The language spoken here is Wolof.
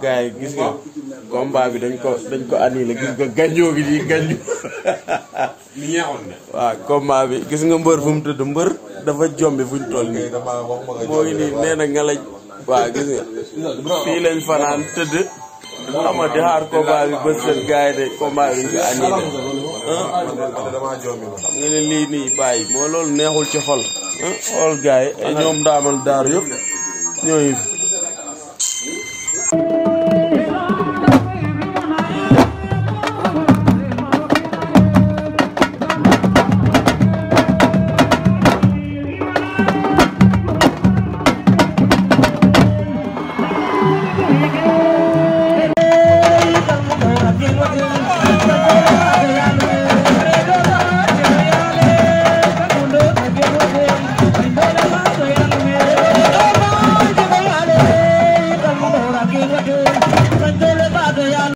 gars yi gis nga combat bi dañ ko dañ ko annulé gis nga gàññoo gi di gàññu li ñeexoon na bi gis nga mbër fu mu tëdd mbër dafa jombi fu ñu toll nii moo ngi nii nee nga la waaw gis nga fii lañ fanaan tëdd xam nga di xaar nii bàyyi moo loolu neexul ci xol xool gars yi ñoom daamal daaru yëpp ñooñu fi 咱哥的八字腰。